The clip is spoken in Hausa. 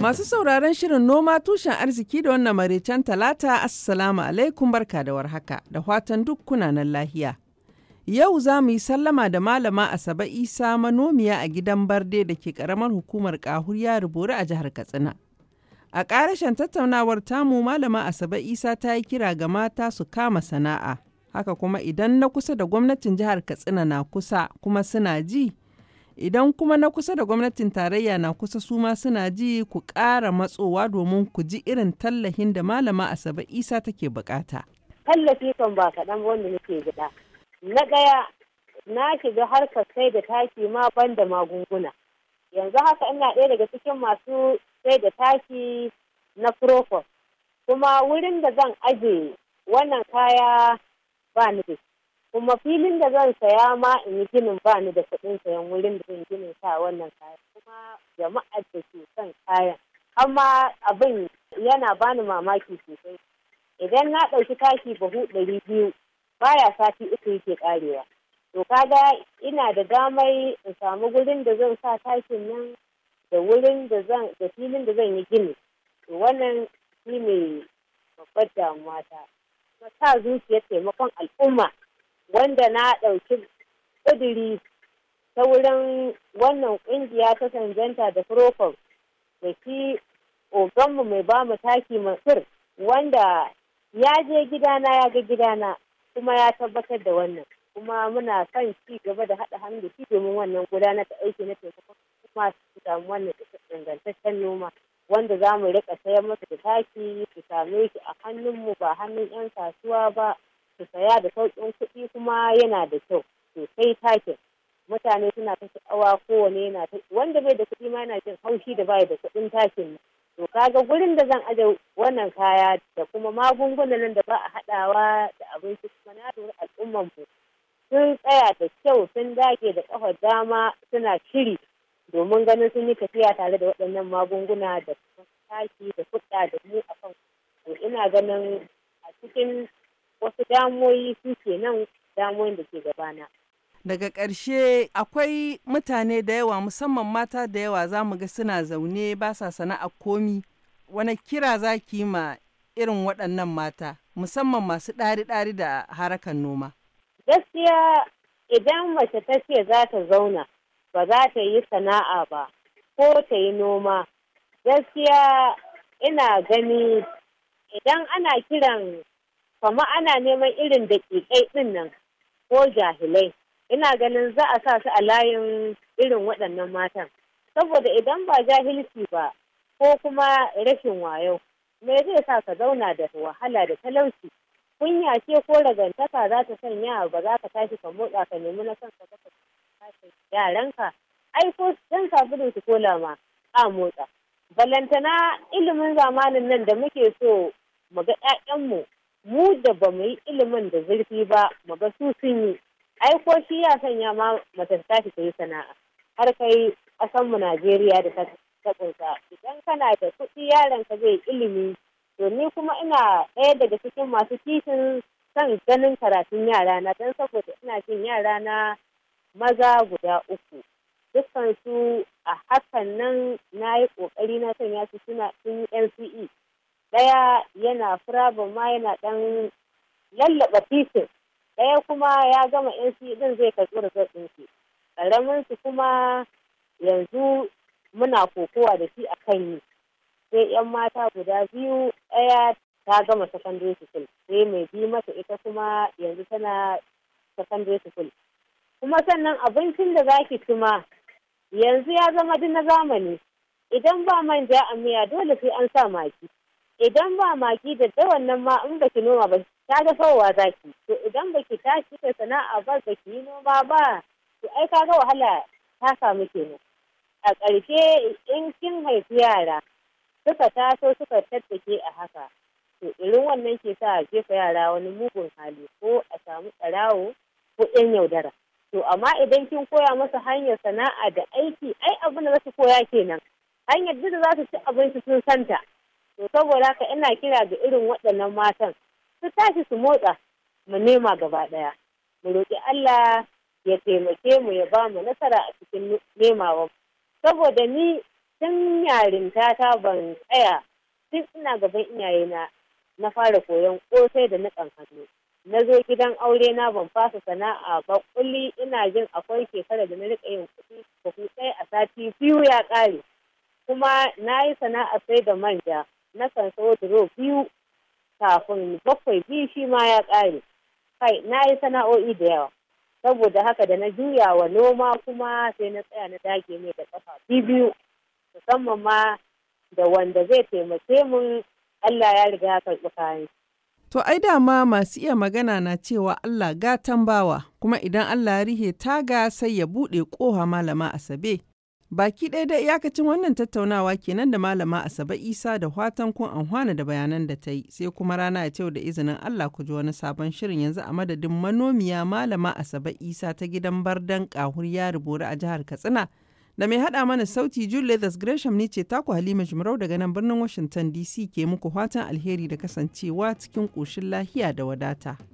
Masu sauraron shirin noma tushen arziki da wannan maraicen talata assalamu alaikum barka da warhaka da fatan duk kunanan lahiya. Yau za mu yi sallama da malama Asaba Isa manomiya a gidan Barde da ke karamar hukumar Kahuriya Rubori a jihar Katsina. A ƙarashen tattaunawar tamu malama Asaba Isa ta yi kira ga mata su kama sana'a. Haka kuma idan na kusa da gwamnatin jihar Katsina na kusa kuma suna ji Idan kuma na kusa da gwamnatin tarayya na kusa suma suna ji ku ƙara matsowa domin ku ji irin tallahin da Malama Asabe Isa take bukata. Tallafi kan ba kaɗan wanda nake gida. Na ɗaya na shiga harkar sai da taki ma ban da magunguna. Yanzu haka ina ɗaya daga cikin masu sai da taki na Procos. Kuma wurin da zan ajiye wannan kaya ba ni da kuma filin da zan saya ma in yi ginin ba ni da kuɗin sayan wurin da zan ginin sa wannan kayan kuma jama'ar da ke son kayan amma abin yana bani mamaki sosai idan na ɗauki tashi bahu ɗari biyu baya sati uku yake ƙarewa to kaga ina da damar in samu gurin da zan sa tashin nan da wurin da zan da filin da zan yi gini to wannan shi ne babbar damuwa ta kuma sa zuciyar taimakon al'umma wanda na ɗauki ƙudiri ta wurin wannan ƙungiya ta sanjanta da furofon da shi oganmu mai ba mu taki masir wanda ya je gidana ya ga gidana kuma ya tabbatar da wannan kuma muna son ci gaba da haɗa hannu da shi domin wannan gudanar da aiki na taimakon kuma su samu wannan ingantaccen noma wanda za mu riƙa sayar masa da taki su same shi a hannunmu ba hannun 'yan kasuwa ba su saya da sauƙin kuɗi kuma yana da kyau sosai takin mutane suna ta sha'awa kowane yana ta wanda bai da kuɗi ma yana jin haushi da bai da kuɗin takin to kaga gurin da zan aje wannan kaya da kuma magungunan da ba a haɗawa da abinci kuma na lura al'umman mu sun tsaya da kyau sun dage da ƙafar dama suna shiri domin ganin sun yi tafiya tare da waɗannan magunguna da kuma taki da kuɗa da mu akan to ina ganin a cikin wasu damoyi su ke nan damoyin da ke gabana. Daga ƙarshe akwai mutane da yawa musamman mata da yawa za mu ga suna zaune ba sa sana'a komi. Wani kira za ki ma irin waɗannan mata musamman masu ɗari-ɗari da harakan noma? Gaskiya idan mace ta ce za ta zauna ba za ta yi sana'a ba ko ta yi noma. Gaskiya ina gani idan ana kiran Kama ana neman irin da ƙiƙai ɗin nan ko jahilai. Ina ganin za a sa su a layin irin waɗannan matan. Saboda idan ba jahilci ba ko kuma rashin wayo, me zai sa ka zauna da wahala da talauci. Kunya ce ko ragantaka za ta sanya ba za ka tashi ka motsa ka nemi na kanka ka yaranka. Ai ko dan sabulu su kola ma a motsa. balantana ilimin zamanin nan da muke so mu ga 'ya'yanmu mu da ba mu yi ilimin da zurfi ba mu ga su sun yi aiko shi ya sanya ma mace ta ta yi sana'a har kai kasan mu Najeriya da ta tsinka idan kana da kuɗi yaron ka zai ilimi to ni kuma ina ɗaya daga cikin masu kishin san ganin karatun yara na don saboda ina jin yara na maza guda uku dukkan su a hakan nan na yi ƙoƙari na sanya su suna sun yi NCE ɗaya yana firabin ma yana ɗan lallaba titin ɗaya kuma ya gama 'yan ɗin zai karɓi da zai shi ƙaramin su kuma yanzu muna kokowa da shi a kan yi sai yan mata guda biyu ɗaya ta gama secondary school sai mai bi mata ita kuma yanzu tana secondary school kuma sannan abincin da zaki ci ma yanzu ya zama duk zamani idan ba manja a miya dole sai an sa maki idan ba maki da da wannan ma in baki noma ba ta ga fawa ki. to idan baki tashi da sana'a ba ki yi noma ba to ai ka ga wahala ta samu kenan a ƙarshe in kin haifi yara suka taso suka tattake a haka to irin wannan ke sa a jefa yara wani mugun hali ko a samu tsarawo ko yan yaudara to amma idan kin koya masa hanyar sana'a da aiki ai abin da za su koya kenan hanyar duk da za su ci abinci sun santa to saboda haka ina kira ga irin waɗannan matan su tashi su motsa mu nema gaba ɗaya mu roƙi Allah ya taimake mu ya ba mu nasara a cikin nemawa saboda ni tun yarinta ta ban tsaya tun ina gaban iyaye na na fara koyon kosai da nikan hannu na zo gidan aure na ban fasa sana'a ba kulli ina jin akwai shekara da na riƙa yin kuɗi kuɗi ɗaya a sati biyu ya ƙare kuma na yi sana'a sai da manja nakan san duro biyu kafin bakwai biyu shi ma ya ƙare kai na yi sana'o'i da yawa saboda haka da na juya wa noma kuma sai na tsaya na dage mai da kafa biyu musamman ma da wanda zai taimake mun Allah ya riga ya karɓi kayan To ai dama masu iya magana na cewa Allah gatan bawa kuma idan Allah ya rihe taga sai ya buɗe ƙoha malama Asabe. Baki ɗaya da iyakacin wannan tattaunawa kenan da Malama Asabe Isa da fatan kun anhwana da bayanan da ta yi sai kuma rana ya yau da izinin Allah ku ji wani sabon shirin yanzu a madadin manomiya Malama Asabe Isa ta gidan Bardan Kahur ya rubori a jihar Katsina da mai haɗa mana sauti leathers Gresham ni ce taku Halima jimarau daga nan birnin Washington DC ke muku watan alheri da kasancewa cikin koshin lahiya da wadata.